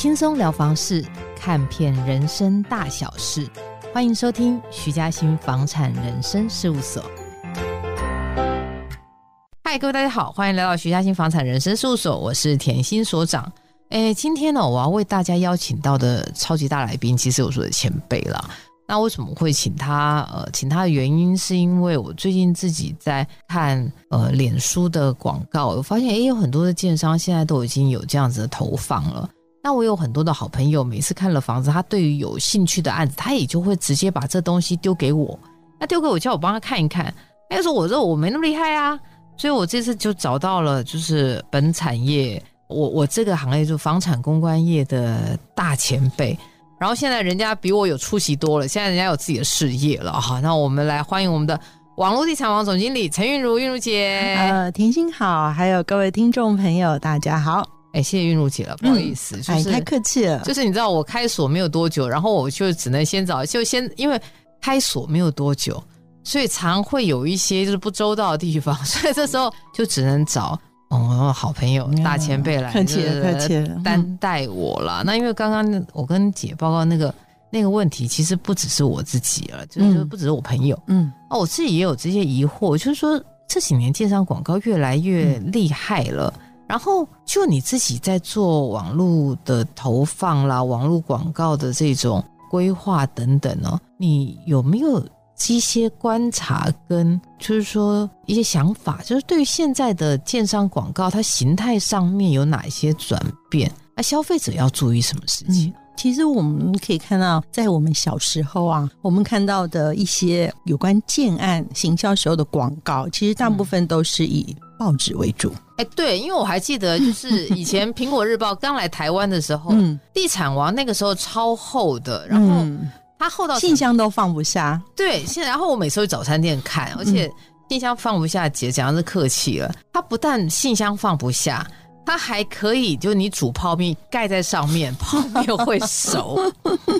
輕鬆聊房事，看遍人生大小事，歡迎收聽徐嘉欣房產人生事務所。嗨，各位大家好，歡迎來到徐嘉欣房產人生事務所，我是甜心所長。誒，今天呢，我要為大家邀請到的超級大來賓，其實我說的前輩了。那為什麼會請他？呃，請他的原因是因為我最近自己在看呃臉書的廣告，我發現也有很多的建商現在都已經有這樣子的投放了。那我有很多的好朋友，每次看了房子，他對於有興趣的案子，他也就會直接把這東西丟給我。那丟給我，叫我幫他看一看。他、哎、那個時候說：“我說我沒那麼厲害啊。”所以，我這次就找到了，就是本產業，我我這個行業，就房產公關業的大前輩。然後現在人家比我有出息多了，現在人家有自己的事業了哈。那我們來歡迎我們的網絡地產王總經理陳韻如。韻如姐，呃，甜心好，還有各位聽眾朋友，大家好。哎，謝謝韻如姐了，不好意思，哎、嗯就是，太客氣了，就是你知道我開鎖沒有多久，然後我就只能先找，就先因為開鎖沒有多久，所以常會有一些就是不周到的地方，所以這時候就只能找哦、嗯、好朋友大前輩來，客氣了，客氣了，擔待我了、嗯。那因為剛剛我跟姐報告那個那個問題，其實不只是我自己了，就是不只是我朋友，嗯，哦，我自己也有這些疑惑，就是說這幾年建商廣告越來越厲害了。嗯然後，就你自己在做網絡的投放啦，網絡廣告的這種規劃等等哦，你有沒有一些觀察跟就是說一些想法？就是對於現在的建商廣告，它形態上面有哪些轉變？那、啊、消費者要注意什麼事情，嗯？其實我們可以看到，在我們小時候啊，我們看到的一些有關建案行銷時候的廣告，其實大部分都是以報紙為主。哎、欸，對，因為我還記得，就是以前蘋果日報剛來台灣的時候、嗯，地產王那個時候超厚的，然後它厚到它、嗯、信箱都放不下。對，然後我每次去早餐店看、嗯，而且信箱放不下，姐簡直是客氣了。它不但信箱放不下，它還可以，就你煮泡麵蓋在上面，泡麵會熟。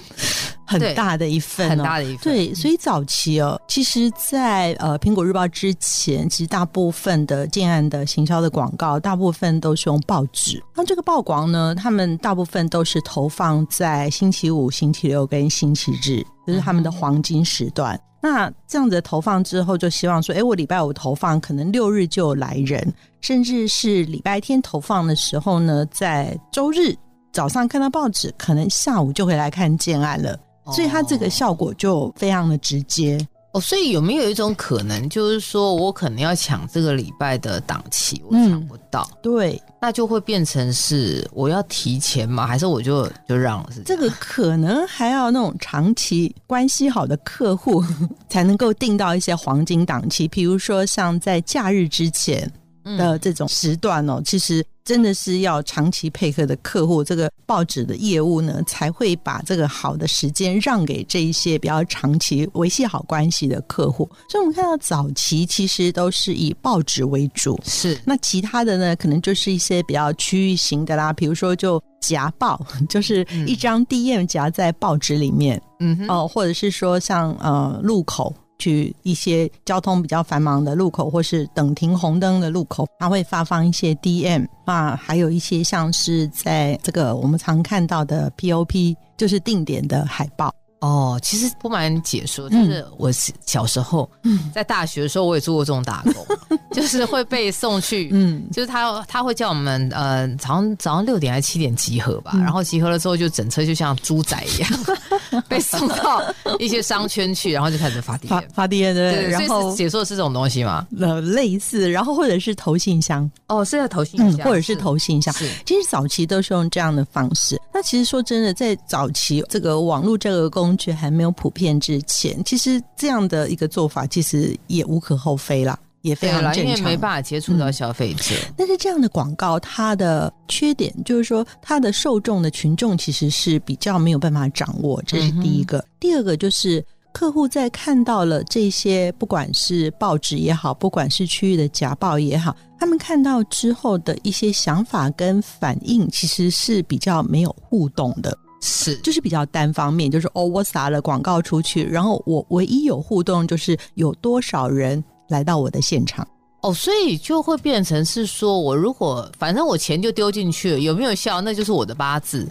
很大的一份，哦，很大的一份。對，所以早期哦，其實在，在呃《蘋果日報》之前，其實大部分的建案的行銷的廣告，大部分都是用報紙。那這個曝光呢，他們大部分都是投放在星期五、星期六跟星期日，就是他們的黃金時段。嗯、那這樣子投放之後，就希望說，哎、欸，我禮拜五投放，可能六日就有來人，甚至是禮拜天投放的時候呢，在周日早上看到報紙，可能下午就會來看建案了。所以它這個效果就非常的直接哦。所以有沒有一種可能，就是說我可能要搶這個禮拜的檔期，我搶不到，嗯，對，那就會變成是我要提前嗎？還是我就就讓了這？這個可能還要那種長期關係好的客戶才能夠定到一些黃金檔期，譬如說像在假日之前。的這種時段哦，其實真的是要長期配合的客戶，這個報紙的業務呢，才會把這個好的時間讓給這一些比較長期維繫好關係的客戶。所以，我們看到早期其實都是以報紙為主，是，那其他的呢，可能就是一些比較區域型的啦，比如說就夾報，就是一張 DM 夾在報紙裡面，嗯哼哦、呃，或者是說像呃路口。去一些交通比較繁忙的路口，或是等停紅燈的路口，他會發放一些 DM 啊，還有一些像是在這個我們常看到的 POP，就是定點的海報。哦，其實不瞞所長說，就、嗯、是我小時候、嗯、在大學的時候，我也做過這種打工， 就是會被送去，嗯，就是他他會叫我們，呃、早上早上六點還是七點集合吧、嗯，然後集合了之後就整車就像豬仔一樣 被送到一些商圈去， 然後就開始發單發發單，對,對,對,對,對，然後解說是這種東西嗎？類似，然後或者是投信箱，哦，是在投信箱、嗯，或者是投信箱是，其實早期都是用這樣的方式。那其實說真的，在早期這個網絡這個工，工具還沒有普遍之前，其實這樣的一個做法，其實也無可厚非了，也非常的正常，因為沒辦法接觸到消費者。但是這樣的廣告，它的缺點就是說，它的受眾的群眾其實是比較沒有辦法掌握，這是第一個。嗯、第二個就是客戶在看到了這些，不管是報紙也好，不管是區域的夾報也好，他們看到之後的一些想法跟反應，其實是比較沒有互動的。是，就是比較單方面，就是哦，我撒了廣告出去，然後我唯一有互動就是有多少人來到我的現場哦，所以就會變成是說我如果，反正我錢就丟進去了，有沒有效，那就是我的八字。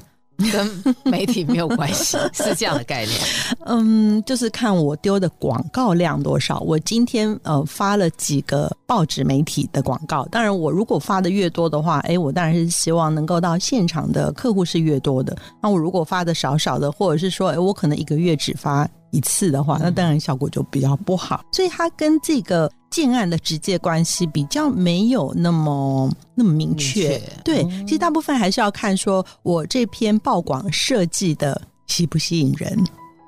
跟媒體沒有關係，是這樣的概念。 嗯，就是看我丟的廣告量多少。我今天呃發了幾個報紙媒體的廣告。當然，我如果發的越多的話，誒，我當然是希望能夠到現場的客戶是越多的。那我如果發的少少的，或者是說，誒，我可能一個月只發。一次的話，那當然效果就比較不好。嗯，所以它跟這個建案的直接關係比較沒有那麼那麼明確，明確。對，其實大部分還是要看說我這篇報廣設計的吸不吸引人。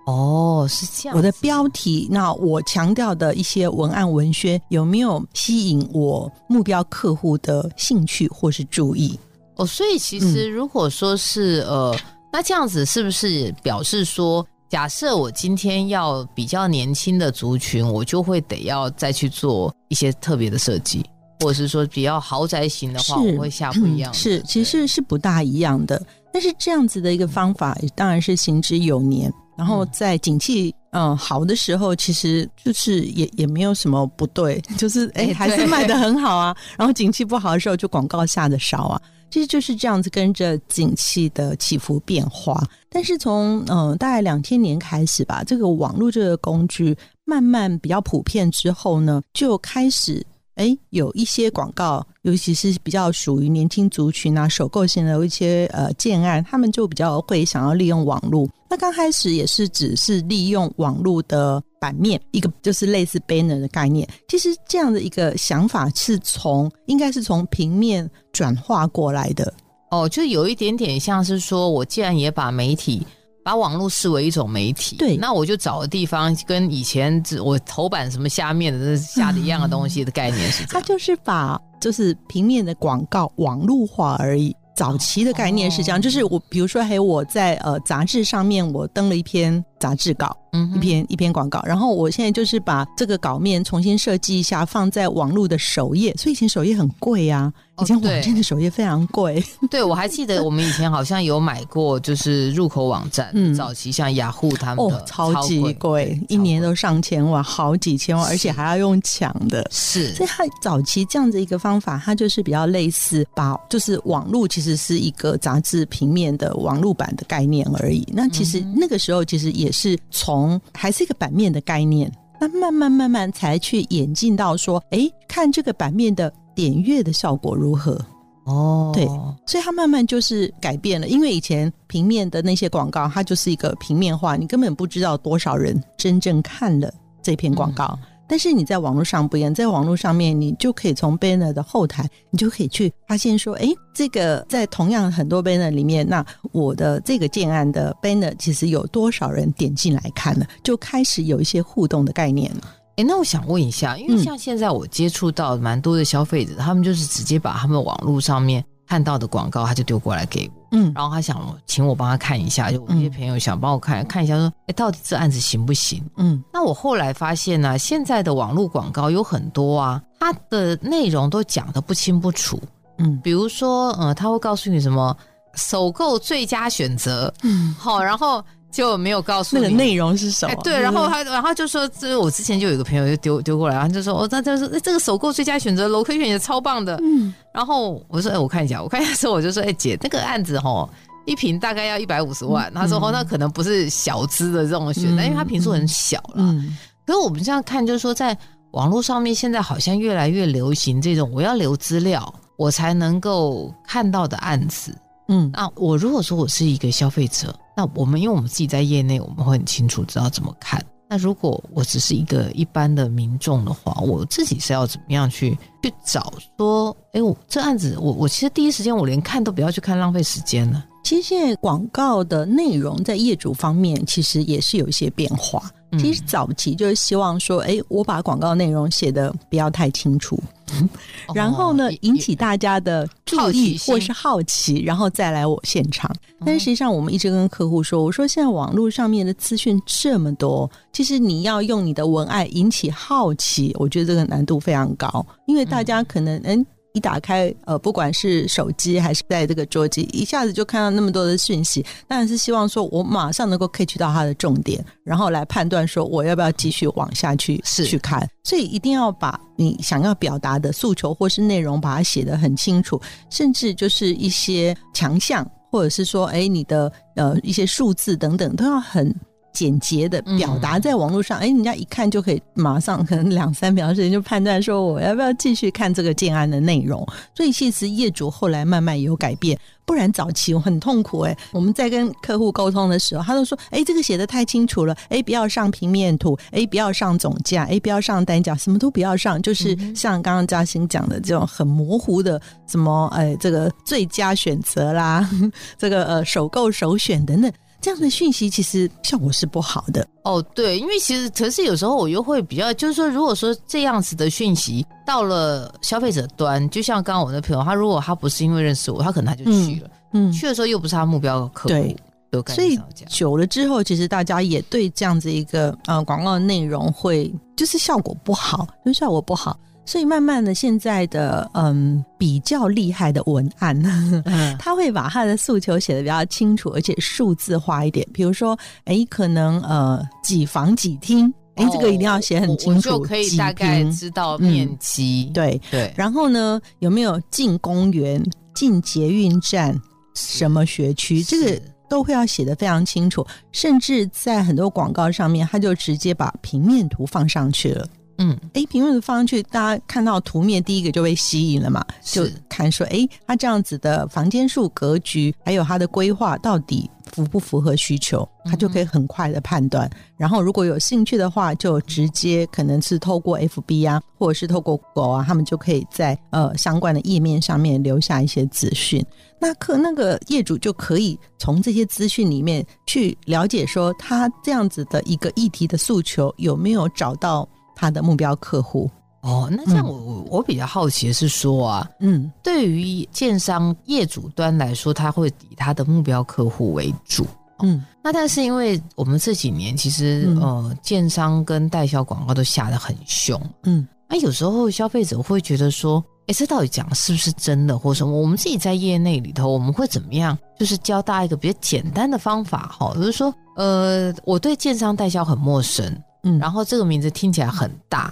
哦，是這樣。我的標題，那我強調的一些文案文宣有沒有吸引我目標客戶的興趣或是注意？哦，所以其實如果說是、嗯、呃，那這樣子是不是表示說？假設我今天要比較年輕的族群，我就會得要再去做一些特別的設計，或者是說比較豪宅型的話，我會下不一樣、嗯。是，其實是不大一樣的。但是這樣子的一個方法，當然是行之有年。然後在景氣嗯，嗯，嗯好的時候，其實就是也也沒有什麼不對，就是哎還是賣得很好啊。然後景氣不好的時候，就廣告下的少啊。其實就是這樣子，跟着景氣的起伏變化。但是從嗯、呃，大概兩千年開始吧，這個網絡這個工具慢慢比較普遍之後呢，就開始哎有一些廣告，尤其是比較屬於年輕族群啊、首購型的一些呃建案，他們就比較會想要利用網絡。那剛開始也是只是利用網絡的版面，一個就是類似 banner 的概念。其實這樣的一個想法是從應該是從平面轉化過來的哦，就有一點點像是說我既然也把媒體把網絡視為一種媒體，對，那我就找個地方跟以前我頭版什麼下面的下的一樣的東西的概念是這樣 它，他就是把就是平面的廣告網絡化而已。早期的概念是這樣，oh、就是我，比如說，還有我在呃雜誌上面，我登了一篇。雜誌稿，一篇一篇廣告、嗯。然後我現在就是把這個稿面重新設計一下，放在網絡的首頁。所以以前首頁很貴啊，哦、以前網站的首頁非常貴。對，我還記得我們以前好像有買過，就是入口網站。嗯，早期像雅虎他們的，哦，超級貴，超貴，超貴，一年都上千萬，好幾千萬，而且還要用搶的。是，所以它早期這樣子一個方法，它就是比較類似，把就是網絡其實是一個雜誌平面的網絡版的概念而已。那其實、嗯、那個時候其實也。也是從還是一個版面的概念，那慢慢慢慢才去演進到說，哎、欸，看這個版面的點閱的效果如何？哦，對，所以它慢慢就是改變了，因為以前平面的那些廣告，它就是一個平面化，你根本不知道多少人真正看了這篇廣告。嗯但是你在網絡上不一樣，在網絡上面，你就可以從 banner 的後台，你就可以去發現說，誒、欸，這個在同樣很多 banner 裡面，那我的這個建案的 banner 其實有多少人點進來看呢？就開始有一些互動的概念了。誒、欸，那我想問一下，因為像現在我接觸到蠻多的消費者、嗯，他們就是直接把他們網絡上面看到的廣告，他就丟過來給我。嗯，然後他想請我幫他看一下，就我一些朋友想幫我看一、嗯、看一下說，說哎，到底這案子行不行？嗯，那我後來發現呢、啊，現在的網絡廣告有很多啊，它的內容都講得不清不楚。嗯，比如說呃，他會告訴你什麼首購最佳選擇，嗯，好，然後。 就沒有告訴你那個內容是什麼、啊哎？對，然後他，然後就說，這我之前就有一個朋友就丟丟過來，然後就說，哦，他他說、欸，這個首購最佳選擇 location 也超棒的。嗯，然後我說，哎、欸，我看一下，我看一下之後我就說，哎、欸，姐，這、那個案子齁，一坪大概要一百五十萬、嗯。他說，哦，那可能不是小資的這種選擇、嗯，因為它坪數很小了、嗯。可是我們這樣看，就是說，在網絡上面現在好像越來越流行這種我要留資料我才能夠看到的案子。嗯，啊，我如果說我是一個消費者。那我們，因為我們自己在業內，我們會很清楚知道怎麼看。那如果我只是一個一般的民眾的話，我自己是要怎麼樣去去找，說，哎，我這案子，我我其實第一時間我連看都不要去看，浪費時間了。其實現在廣告的內容在業主方面，其實也是有一些變化。其實早期就是希望說，哎、嗯，我把廣告內容寫得不要太清楚，嗯、然後呢，引起大家的注意或是好奇，好奇然後再來我現場。但實際上，我們一直跟客戶說，我說現在網絡上面的資訊這麼多，其實你要用你的文案引起好奇，我覺得這個難度非常高，因為大家可能，能，嗯一打開，呃，不管是手機還是在這個桌機，一下子就看到那麼多的訊息，當然是希望說我馬上能夠 catch 到它的重點，然後來判斷說我要不要繼續往下去去看。是。所以一定要把你想要表達的訴求或是內容，把它寫得很清楚，甚至就是一些強項，或者是說，哎，你的呃一些數字等等，都要很。簡潔的表達在網絡上，哎、嗯，人、欸、家一看就可以馬上，可能兩三秒時間就判斷說，我要不要繼續看這個建案的內容。所以其實業主後來慢慢有改變，不然早期我很痛苦、欸。哎，我們在跟客戶溝通的時候，他都說哎、欸、這個寫得太清楚了，哎、欸、不要上平面圖，哎、欸、不要上總價，哎、欸、不要上單價，什麼都不要上，就是像剛剛嘉欣講的這種很模糊的什麼哎、欸、這個最佳選擇啦呵呵，這個呃首購首選等等。這樣的訊息其實效果是不好的哦，對，因為其實可是有時候我又會比較，就是說，如果說這樣子的訊息到了消費者端，就像剛剛我那朋友，他如果他不是因為認識我，他可能他就去了嗯，嗯，去的時候又不是他目標的客戶，對所，所以久了之後，其實大家也對這樣子一個呃廣告內容會就是效果不好，因為效果不好。所以慢慢的，現在的嗯比較厲害的文案呵呵、嗯，他會把他的訴求寫的比較清楚，而且數字化一點。比如說，哎、欸，可能呃幾房幾廳，哎、哦欸，這個一定要寫很清楚。我就可以大概知道面積、嗯，對對。然後呢，有沒有進公園、進捷運站、什麼學區，這個都會要寫的非常清楚。甚至在很多廣告上面，他就直接把平面圖放上去了。嗯，哎，屏幕的方式，大家看到圖面第一個就被吸引了嘛，就看說，哎，他這樣子的房間數、格局，還有他的規劃到底符不符合需求，他就可以很快的判斷嗯嗯。然後如果有興趣的話，就直接可能是透過 FB 啊，嗯、或者是透過狗啊，他們就可以在呃相關的頁面上面留下一些資訊。那可那個業主就可以從這些資訊裡面去了解說，說他這樣子的一個議題的訴求有沒有找到，他的目標客戶哦，那這樣我、嗯、我比較好奇的是說啊，嗯，對於建商業主端來說，他會以他的目標客戶為主，嗯、哦，那但是因為我們這幾年其實、嗯、呃，建商跟代銷廣告都下得很凶，嗯，那、啊、有時候消費者會覺得說，哎、欸，這到底講的是不是真的，或什麼？我們自己在業內裡頭，我們會怎麼樣？就是教大家一個比較簡單的方法哈、哦，就是說，呃，我對建商代銷很陌生。嗯，然後這個名字聽起來很大、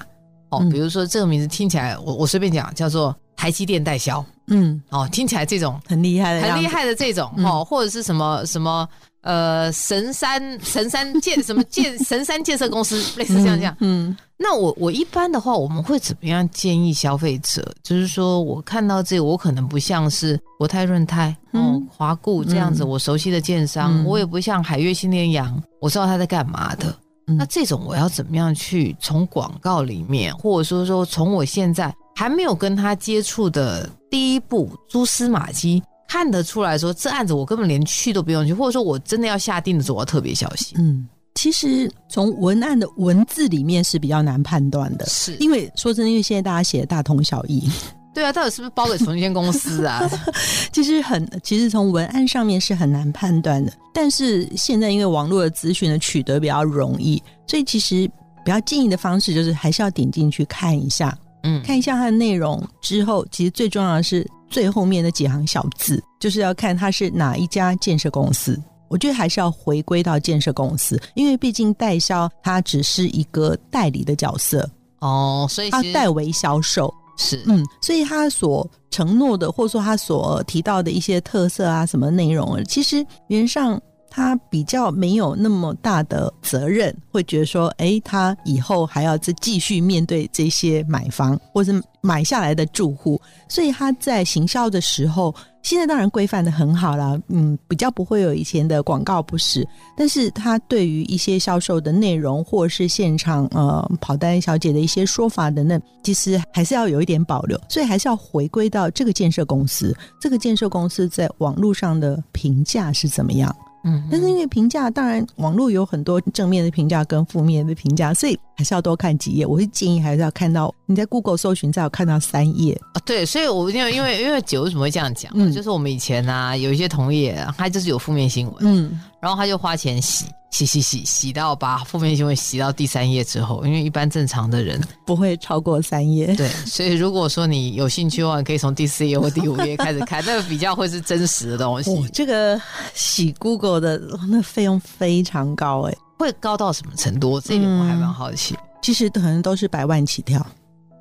嗯、哦，比如說這個名字聽起來，我我隨便講，叫做台積電代銷，嗯，哦，聽起來這種很厲害的，很厲害的這種、嗯、哦，或者是什麼什麼呃神山神山建什麼建 神山建設公司類似這樣這樣，嗯，嗯，那我我一般的話，我們會怎麼樣建議消費者？就是說我看到這個，我可能不像是國泰潤泰、嗯華固這樣子，我熟悉的建商，我也不像海悅新聯陽，我知道他在幹嘛的。嗯嗯、那這種我要怎麼樣去從廣告裡面，或者說說從我現在還沒有跟他接觸的第一步蛛絲馬跡看得出來，說這案子我根本連去都不用去，或者說我真的要下定的時候我要特別小心。嗯，其實從文案的文字裡面是比較難判斷的，是因為說真的，因為現在大家寫的大同小異。對啊，到底是不是包給重建公司啊？ 其實很，其實從文案上面是很難判斷的。但是現在因為網絡的資訊的取得比較容易，所以其實比較建議的方式就是還是要點進去看一下，嗯，看一下它的內容之後，其實最重要的是最後面的幾行小字，就是要看它是哪一家建設公司。我覺得還是要回歸到建設公司，因為畢竟代銷它只是一個代理的角色哦，所以它代為銷售。是，嗯，所以他所承諾的，或說他所提到的一些特色啊，什麼內容，其實原則上，他比較沒有那麼大的責任，會覺得說，哎、欸，他以後還要再繼續面對這些買房或是買下來的住戶，所以他在行銷的時候，現在當然規範的很好了，嗯，比較不會有以前的廣告不實，但是他對於一些銷售的內容或是現場呃跑單小姐的一些說法等等，其實還是要有一點保留，所以還是要回歸到這個建設公司，這個建設公司在網絡上的評價是怎麼樣？嗯，但是因為評價，當然網絡有很多正面的評價跟負面的評價，所以還是要多看幾頁，我會建議還是要看到。你在 Google 搜尋再有看到三頁啊，對，所以我因為因為因為姐為什麼會這樣講、嗯？就是我們以前呢、啊，有一些同業，他就是有負面新聞，嗯，然後他就花錢洗洗洗洗洗到把負面新聞洗到第三頁之後，因為一般正常的人不會超過三頁，對。所以如果說你有興趣的話，你可以從第四頁或第五頁開始看， 那個比較會是真實的東西。哦、這個洗 Google 的那費、個、用非常高哎、欸，會高到什麼程度？這一點我還蠻好奇、嗯。其實可能都是百萬起跳。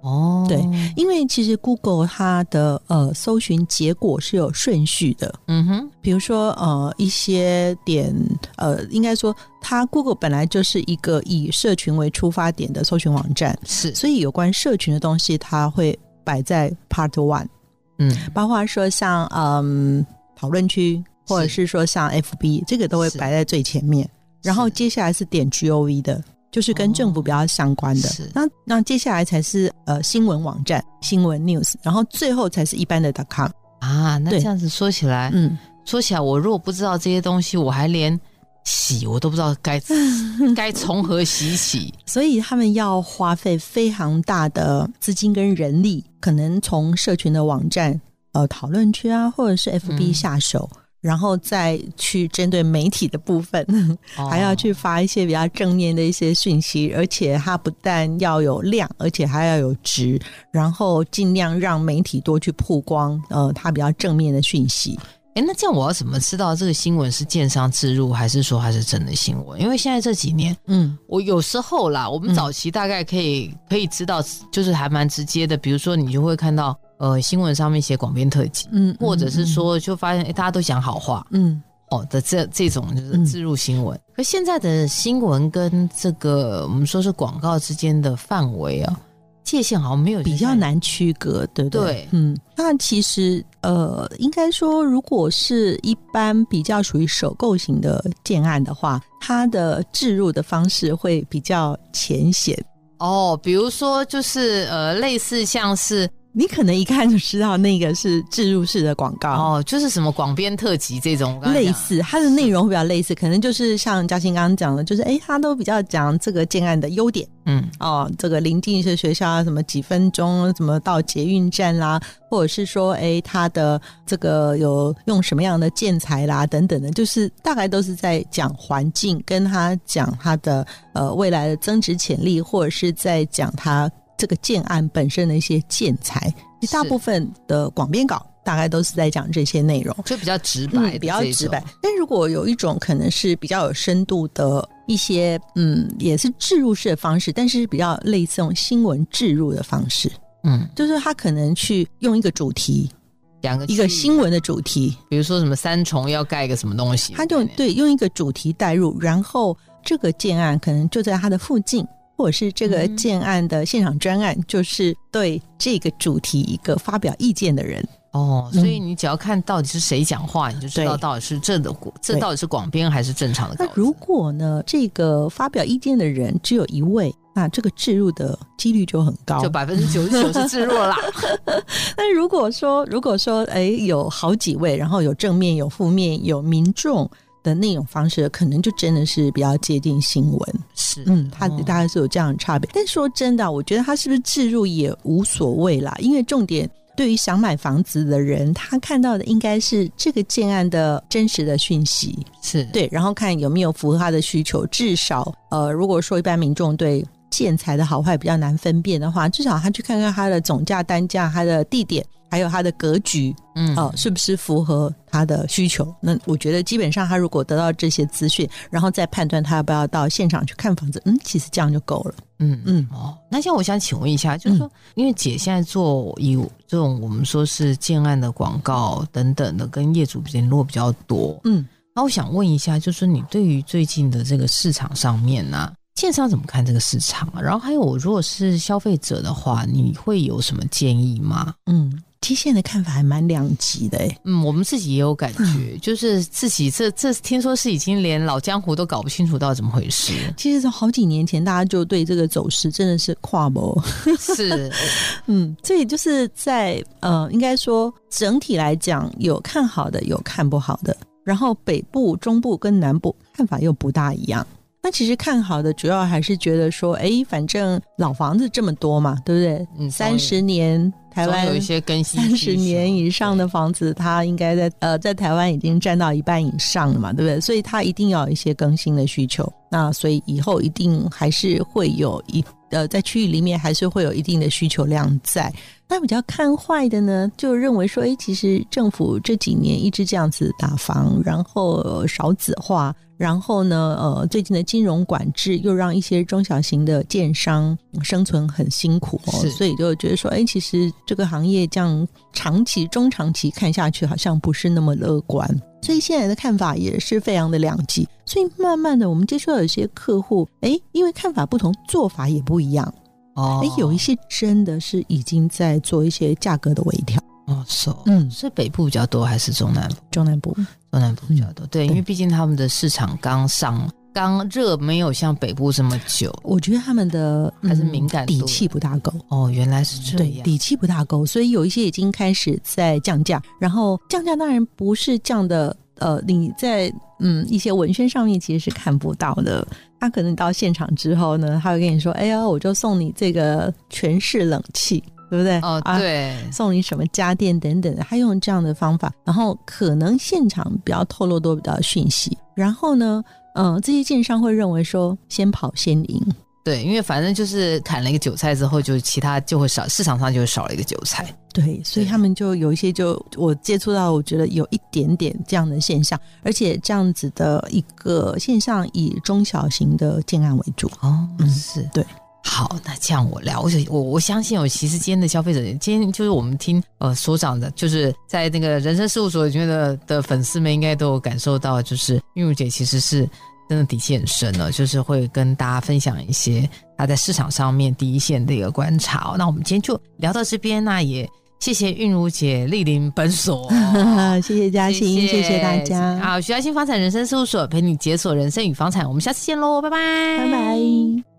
哦，對，因為其實 Google 它的呃搜尋結果是有順序的，嗯哼，比如說呃一些點呃，應該說它 Google 本來就是一個以社群為出發點的搜尋網站，是，所以有關社群的東西，它會擺在 Part One，嗯，包括說像嗯討論區或者是說像 FB 這個都會擺在最前面，然後接下來是點 GOV 的。就是跟政府比較相關的，哦、那那接下來才是呃新聞網站、新聞 news，然後最後才是一般的 .com 啊。那這樣子說起來，嗯，說起來，我如果不知道這些東西，我還連洗我都不知道該該從何洗洗。所以他們要花費非常大的資金跟人力，可能從社群的網站、呃討論區啊，或者是 FB 下手。嗯然後再去針對媒體的部分，哦，還要去發一些比較正面的一些訊息，而且它不但要有量，而且還要有值，然後盡量讓媒體多去曝光，呃，它比較正面的訊息。誒那這樣我要怎麼知道這個新聞是建商置入，還是說還是真的新聞？因為現在這幾年，嗯，我有時候啦，我們早期大概可以、嗯、可以知道，就是還蠻直接的，比如說你就會看到。呃，新聞上面寫廣編特輯、嗯嗯，嗯，或者是說就發現，哎、欸，大家都講好話，嗯，哦的這這種就是置入新聞、嗯。可現在的新聞跟這個我們說是廣告之間的範圍啊、嗯，界限好像沒有比較難區隔，對不對，對？嗯，那其實呃，應該說，如果是一般比較屬於首購型的建案的話，它的置入的方式會比較淺顯哦，比如說就是呃，類似像是。你可能一看就知道那個是置入式的廣告哦，就是什麼廣編特輯這種類似，它的內容會比較類似，可能就是像嘉欣剛剛講的，就是誒他、欸、都比較講這個建案的優點，嗯，哦，這個鄰近一些學校啊，什麼幾分鐘，什麼到捷運站啦，或者是說，誒、欸、它的這個有用什麼樣的建材啦，等等的，就是大概都是在講環境，跟他講他的呃未來的增值潛力，或者是在講他。這個建案本身的一些建材，一大部分的廣編稿大概都是在講這些內容，就比較直白。嗯，比較直白。但如果有一種可能是比較有深度的一些，嗯，也是置入式的方式，但是比較類似用新聞置入的方式，嗯，就是他可能去用一個主題，兩個一個新聞的主題，比如說什麼三重要蓋一個什麼東西，他就對用一個主題帶入，然後這個建案可能就在他的附近。或者是這個建案的現場專案、嗯，就是對這個主題一個發表意見的人哦。所以你只要看到底是誰講話、嗯，你就知道到底是正的，這到底是廣編還是正常的。那如果呢，這個發表意見的人只有一位，那這個置入的幾率就很高，就百分之九十九是置入啦。但 如果說，如果說，哎、欸，有好幾位，然後有正面，有負面，有民眾。的那種方式，可能就真的是比較接近新聞，是、哦，嗯，他大概是有這樣的差別。但說真的，我覺得他是不是置入也無所謂啦，因為重點對於想買房子的人，他看到的應該是這個建案的真實的訊息，是對，然後看有沒有符合他的需求。至少，呃，如果說一般民眾對建材的好壞比較難分辨的話，至少他去看看它的總價、單價、它的地點。還有他的格局，嗯、哦，是不是符合他的需求？那我覺得基本上他如果得到這些資訊，然後再判斷他要不要到現場去看房子，嗯，其實這樣就夠了。嗯嗯，哦，那現在我想請問一下，就是說，嗯、因為姐現在做有這種我們說是建案的廣告等等的，跟業主聯絡比較多，嗯，那我想問一下，就是說你對於最近的這個市場上面呢、啊，線上怎麼看這個市場？然後還有，我如果是消費者的話，你會有什麼建議嗎？嗯。期限的看法還蠻兩極的、欸、嗯，我們自己也有感覺，嗯、就是自己這這聽說是已經連老江湖都搞不清楚到底怎麼回事。其實從好幾年前，大家就對這個走勢真的是跨模。 是，okay. 嗯，所以就是在呃，應該說整體來講有看好的，有看不好的，然後北部、中部跟南部看法又不大一樣。他其實看好的主要還是覺得說，哎、欸，反正老房子這麼多嘛，對不對？嗯、三十年台灣有一些更新，三十年以上的房子，它應該在呃，在台灣已經佔到一半以上了嘛，對不對？所以它一定要有一些更新的需求，那所以以後一定還是會有一呃，在區域裡面還是會有一定的需求量在。那比較看壞的呢，就認為說，欸，其實政府這幾年一直這樣子打房，然後少子化，然後呢，呃，最近的金融管制又讓一些中小型的建商生存很辛苦哦，所以就覺得說，欸，其實這個行業這樣長期、中長期看下去，好像不是那麼樂觀。所以現在的看法也是非常的兩極。所以慢慢的，我們接觸到一些客戶，欸，因為看法不同，做法也不一樣。哦，哎，有一些真的是已經在做一些價格的微調。哦，是，嗯，是北部比較多還是中南部？中南部，中南部比較多。對、嗯，因為畢竟他們的市場剛上，剛熱沒有像北部這麼久。我覺得他們的還是敏感、嗯，底氣不大夠。哦，原來是這樣。嗯、對，底氣不大夠，所以有一些已經開始在降價。然後降價當然不是降的。呃，你在嗯一些文宣上面其實是看不到的，他、啊、可能到現場之後呢，他會跟你說：“哎呀，我就送你這個全室冷氣，對不對？”哦，對，啊、送你什麼家電等等的，他用這樣的方法，然後可能現場比較透露多比較訊息，然後呢，嗯、呃，這些建商會認為說先跑先贏。對，因為反正就是砍了一個韭菜之後，就其他就會少，市場上就會少了一個韭菜。對，對所以他們就有一些就我接觸到，我覺得有一點點這樣的現象，而且這樣子的一個現象以中小型的建案為主。哦，嗯，是，對。好，那這樣我了解，我我相信我其實今天的消費者，今天就是我們聽呃所長的，就是在那個人生事務所裡面的的粉絲們應該都有感受到，就是韻如姐其實是。真的底氣很深呢，就是會跟大家分享一些他在市場上面第一線的一個觀察。那我們今天就聊到這邊，啊，那也謝謝韻如姐蒞臨本所， 謝謝嘉欣，謝謝大家。好，徐嘉欣房產人生事務所陪你解鎖人生與房產，我們下次見嘍，拜拜，拜拜。